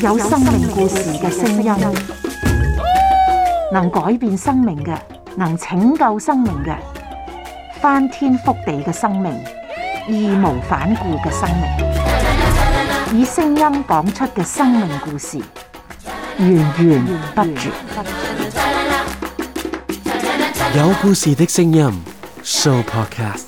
有生命故事嘅聲音，能改變生命嘅，能拯救生命嘅，翻天覆地嘅生命，義無反顧嘅生命，以聲音講出嘅生命故事，源源不絕。有故事嘅聲音，Show Podcast。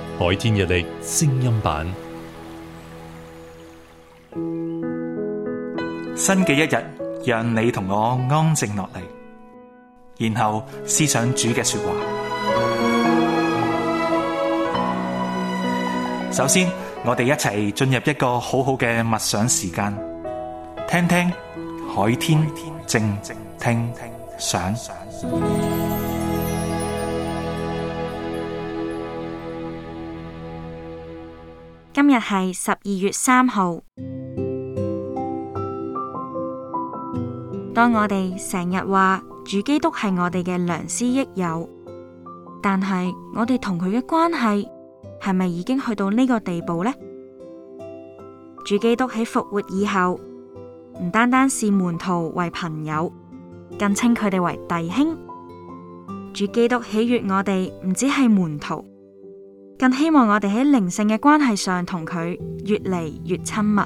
海天日曆聲音版，新嘅一日，讓你同我安靜落嚟，然後思想主嘅說話。首先，我哋一齊進入一個好好嘅默想時間，聽聽海天靜聽神。今日係十二月三號。當我哋成日話主基督係我哋嘅良師益友，但係我哋同佢嘅關係係咪已經去到呢個地步呢？主基督喺復活以後，唔單單視門徒為朋友，更稱佢哋為弟兄。主基督喜悅我哋，唔止係門徒。更希望我哋喺靈性嘅關係上同佢越嚟越親密，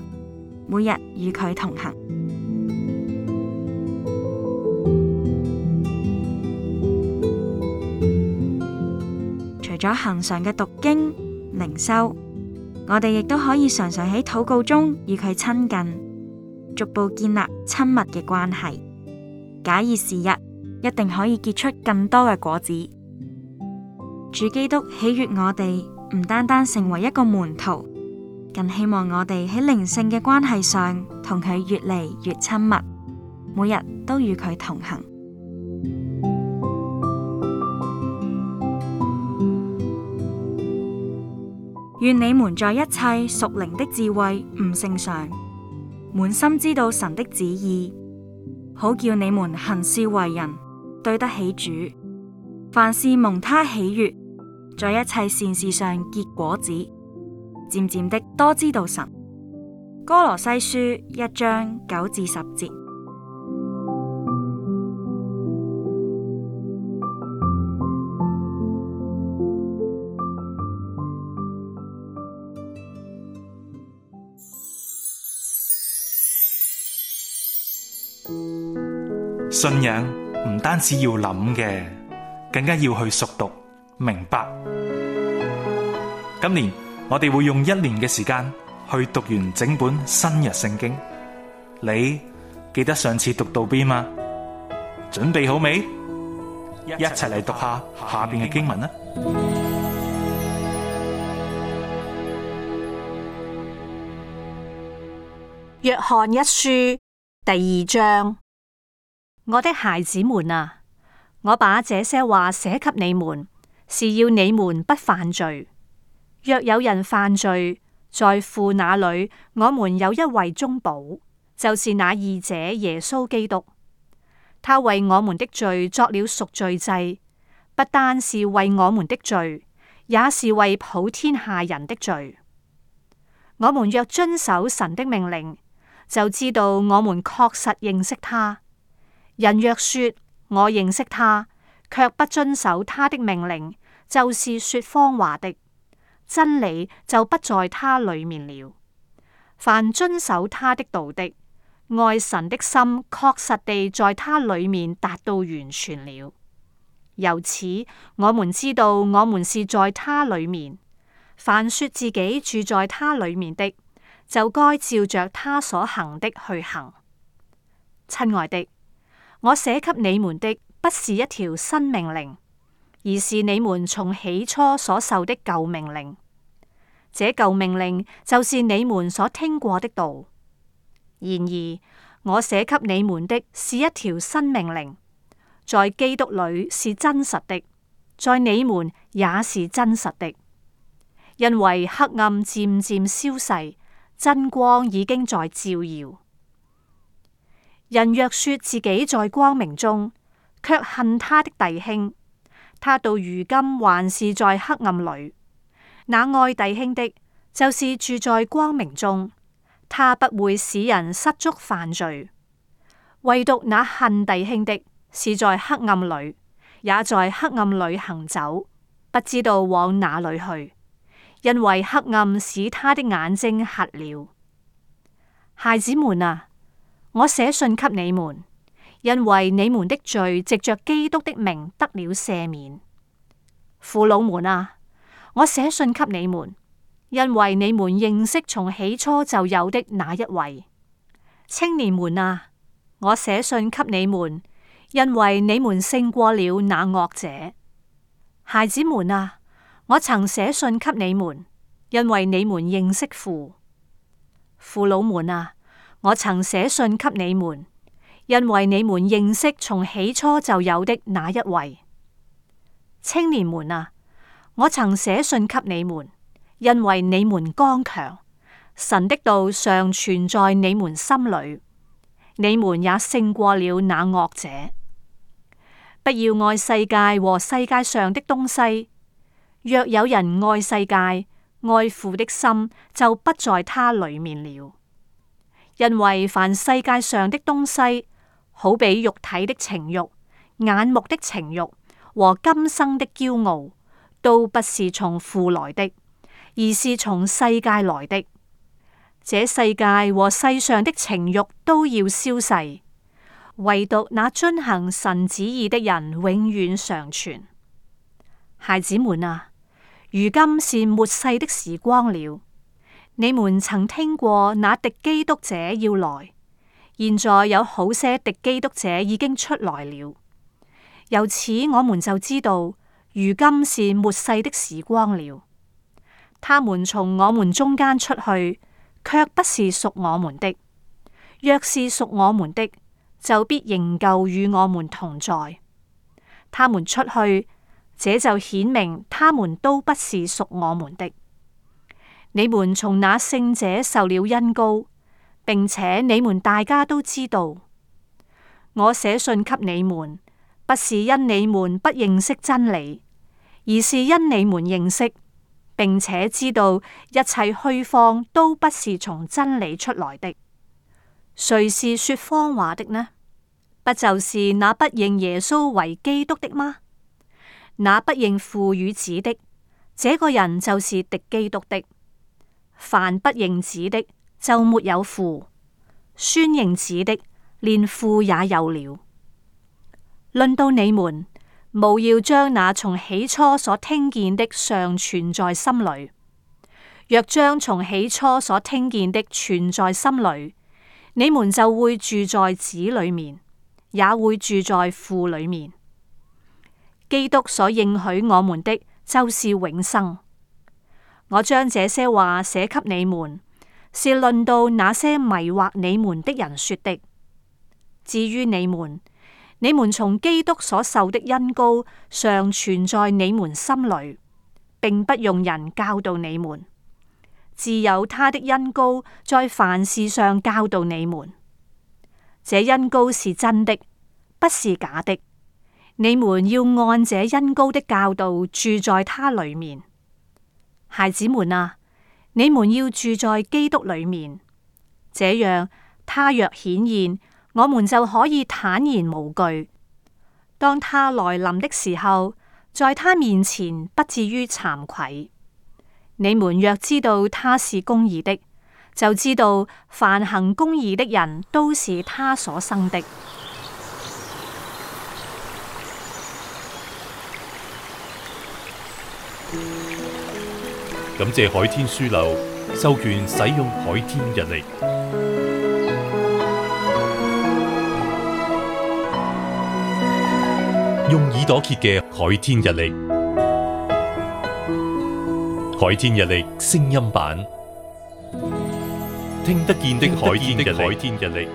每日與佢同行。除咗恆常嘅讀經、靈修，我哋亦都可以常常喺禱告中與佢親近，逐步建立親密嘅關係。假以時日，一定可以結出更多嘅果子。主基督喜悅我哋，唔單單成為一個門徒，更希望我哋喺靈性嘅關係上同佢越嚟越親密，每日都與佢同行。願你們在一切屬靈的智慧悟性上，滿心知道神的旨意，好叫你們行事為人，對得起主，凡事蒙他喜悅。在一切善事上結果子，漸漸的多知道神。哥羅西書一章九至十節，信仰唔單止要諗嘅，更加要去熟讀。明白。今年我哋會用一年嘅時間去讀完整本新約聖經。你記得上次讀到邊嗎？準備好未？一齊嚟讀下下邊嘅經文啦。約翰一書第二章，我的孩子們啊，我把這些話寫給你們。是要你們不犯罪。若有人犯罪，在父那裏，我們有一位中保，就是那義者耶穌基督。他為我們的罪作了贖罪祭，不單是為我們的罪，也是為普天下人的罪。我們若遵守神的命令，就知道我們確實認識他。人若說我認識他，却不遵守他的命令，就是說謊話的，真理就不在他裏面了。凡遵守他的道的，愛神的心，確實地在他裏面達到完全了。由此我們知道，我們是在他裏面。凡說自己住在他裏面的，就該照着他所行的去行。親愛的，我寫給你們的不是一條新命令。而是你們從起初所受的舊命令，這舊命令就是你們所聽過的道。然而我寫給你們的是一條新命令，在基督裏是真實的，在你們也是真實的。因為黑暗漸漸消逝，真光已經在照耀。人若說自己在光明中，卻恨他的弟兄，他到如今還是在黑暗裏，那愛弟兄的，就是住在光明中，他不會使人失足犯罪。唯獨那恨弟兄的，是在黑暗裏，也在黑暗裏行走，不知道往哪裏去，因為黑暗使他的眼睛瞎了。孩子們啊，我寫信給你們。因為你們的罪藉着基督的名得了赦免，父老們啊，我寫信給你們，因為你們認識從起初就有的那一位；青年們啊，我寫信給你們，因為你們勝過了那惡者；孩子們啊，我曾寫信給你們，因為你們認識父；父老們啊，我曾寫信給你們。因為你們認識從起初就有的那一位，青年們啊，我曾寫信給你們，因為你們剛強，神的道尚存在你們心裏，你們也勝過了那惡者。不要愛世界和世界上的東西。若有人愛世界，愛父的心就不在他裏面了。因為凡世界上的東西，好比肉體的情慾、眼目的情慾和今生的驕傲，都不是從父來的，而是從世界來的。這世界和世上的情慾都要消逝，唯獨那遵行神旨意的人永遠常存。孩子們啊，如今是末世的時光了。你們曾聽過那敵基督者要來。現在有好些敵基督者已經出來了，由此我們就知道，如今是末世的時光了。他們從我們中間出去，卻不是屬我們的；若是屬我們的，就必仍舊與我們同在。他們出去，這就顯明他們都不是屬我們的。你們從那聖者受了恩膏。並且你們大家都知道，我寫信給你們，不是因你們不認識真理，而是因你們認識，並且知道一切虛謊都不是從真理出來的。誰是說謊話的呢？不就是那不認耶穌為基督的嗎？那不認父與子的，這個人就是敵基督的。凡不認子的，就沒有父，孫認子的連父也有了。論到你們，務要將那從起初所聽見的，常存在心裏；若將從起初所聽見的存在心裏，你們就會住在子裏面，也會住在父裏面。基督所應許我們的，就是永生。我將這些話寫給你們。是論到那些迷惑你們的人說的。至於你們，你們從基督所受的恩膏常存在你們心裏，並不用人教導你們，自有他的恩膏在凡事上教導你們。這恩膏是真的，不是假的。你們要按這恩膏的教導住在他裏面，孩子們啊。你們要住在基督裏面，這樣他若顯現，我們就可以坦然無懼。當他來臨的時候，在他面前不至於慚愧。你們若知道他是公義的，就知道凡行公義的人都是他所生的。感謝海天書樓授權使用海天日曆，用耳朵揭嘅海天日曆》。《海天日曆》聲音版，聽得見的海天日曆，海天日曆。